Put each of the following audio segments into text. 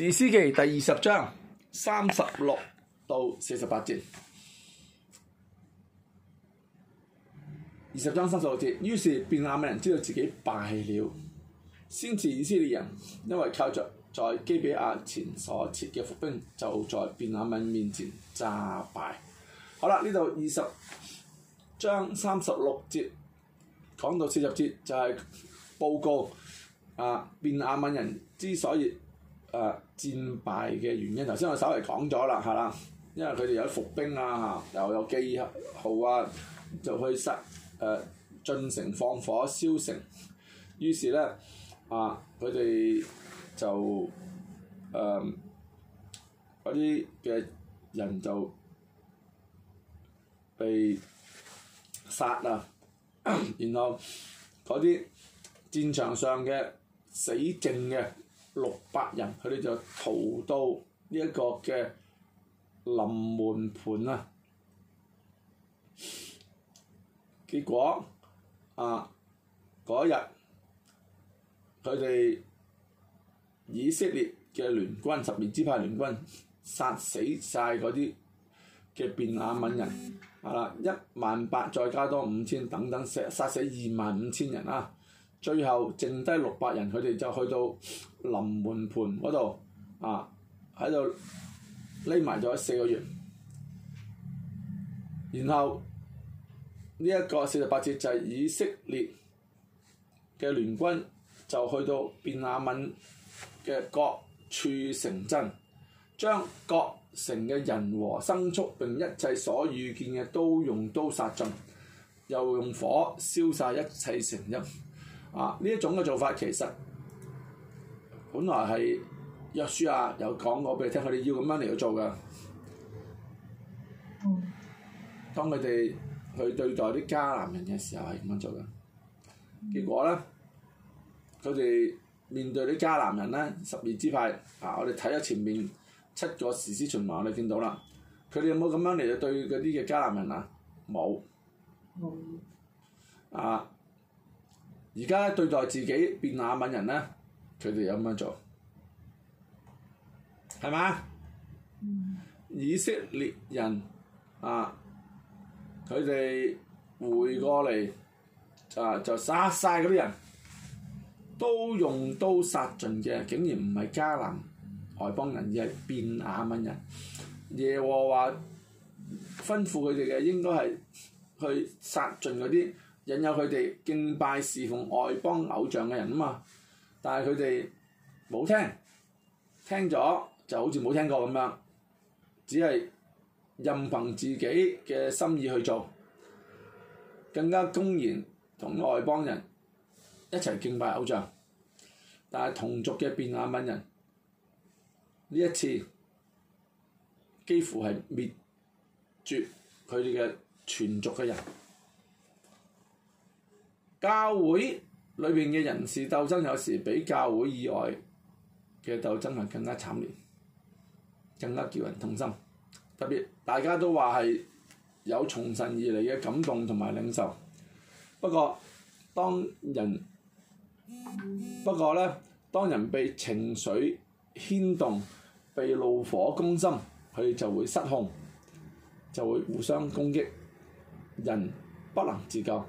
士師記第二十章三十六到四十八節，二十章三十六節，於是便雅憫人知道自己敗了。先至以色列人，因為靠着在基比亞前所設嘅伏兵，就在便雅憫面前詐敗。好啦，呢度二十章三十六節講到四十節，就係、是、報告啊，便雅憫人之所以。誒、啊、戰敗嘅原因，頭先我稍微講咗啦，係啦，因為佢哋有伏兵啊，嚇、啊，又有記號啊，就去殺誒、啊、進城放火燒城，於是咧啊，佢哋就誒嗰啲嘅人就被殺啊，然後嗰啲戰場上嘅死剩嘅六百人，佢哋就逃到呢一個嘅臨門盤啦。結果啊，嗰日佢哋以色列嘅聯軍，十二支派聯軍，殺死晒嗰啲嘅便雅憫人啊、嗯！一萬八再加多五千，等等殺殺死二萬五千人啊！最後剩低六百人，佢哋就去到臨門盤嗰度啊，喺度匿埋咗四個月。然後呢一個四十八節就係以色列嘅聯軍就去到便雅憫嘅各處城鎮，將各城嘅人和牲畜並一切所遇見嘅都用刀殺盡，又用火燒晒一切城邑。啊！呢一種嘅做法其實本來係約書亞、啊、有講過俾你聽，佢哋要咁樣嚟去做嘅。嗯。當佢哋去對待啲迦南人嘅時候係咁樣做嘅，結果咧，佢哋面對啲迦南人咧，十二支派啊，我哋睇咗前面七個時事循環，我哋見到啦。佢哋有冇咁樣嚟對嗰啲嘅迦南人啊？冇。冇。啊！而家對待自己變亞文人便雅憫人咧，佢哋有咁樣做，係嘛？嗯、以色列人啊，佢哋回過嚟、嗯、啊，就殺晒嗰啲人，都用刀殺盡嘅，竟然唔係迦南外邦人，而係便雅憫人。耶和華吩咐佢哋嘅應該係去殺盡嗰啲。引誘佢哋敬拜侍奉外邦偶像嘅人啊嘛，但係佢哋冇聽，聽咗就好似冇聽過咁樣，只係任憑自己嘅心意去做，更加公然同外邦人一齊敬拜偶像，但係同族嘅便雅憫人呢一次幾乎係滅絕佢哋嘅全族嘅人。教會裏面嘅人事鬥爭，有時比教會以外嘅鬥爭係更加慘烈，更加叫人痛心。特別大家都話係有從神而嚟嘅感動同埋領受。不過當人不過咧，當人被情緒牽動，被怒火攻心，佢就會失控，就會互相攻擊，人不能自救。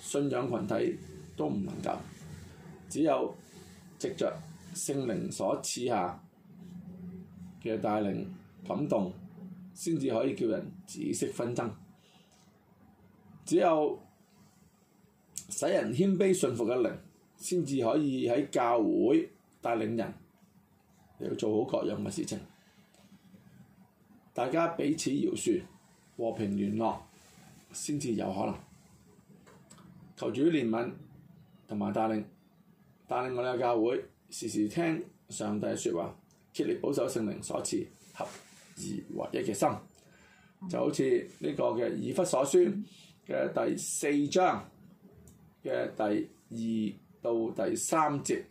信仰群體都唔能夠，只有藉着聖靈所賜下嘅帶領感動，先至可以叫人止息紛爭。只有使人謙卑信服嘅靈，先至可以喺教會帶領人，要做好各樣嘅事情。大家彼此饒恕、和平聯絡，先至有可能。求主憐憫，同埋帶領帶領我哋嘅教會時時聽上帝嘅説話，竭力保守聖靈所賜合而為一嘅心，就好似呢個嘅以弗所書嘅第四章嘅第二到第三節，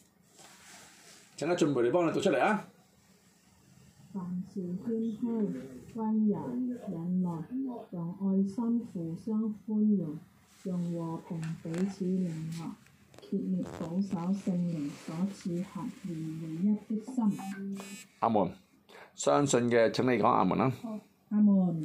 請阿俊梅你幫你讀出嚟啊！凡事憐憫，温柔忍耐，用愛心互相寬容。用和平彼此聯絡，竭力保守聖靈所賜合而為一的心。阿門，相信嘅請你講阿門啦。阿門。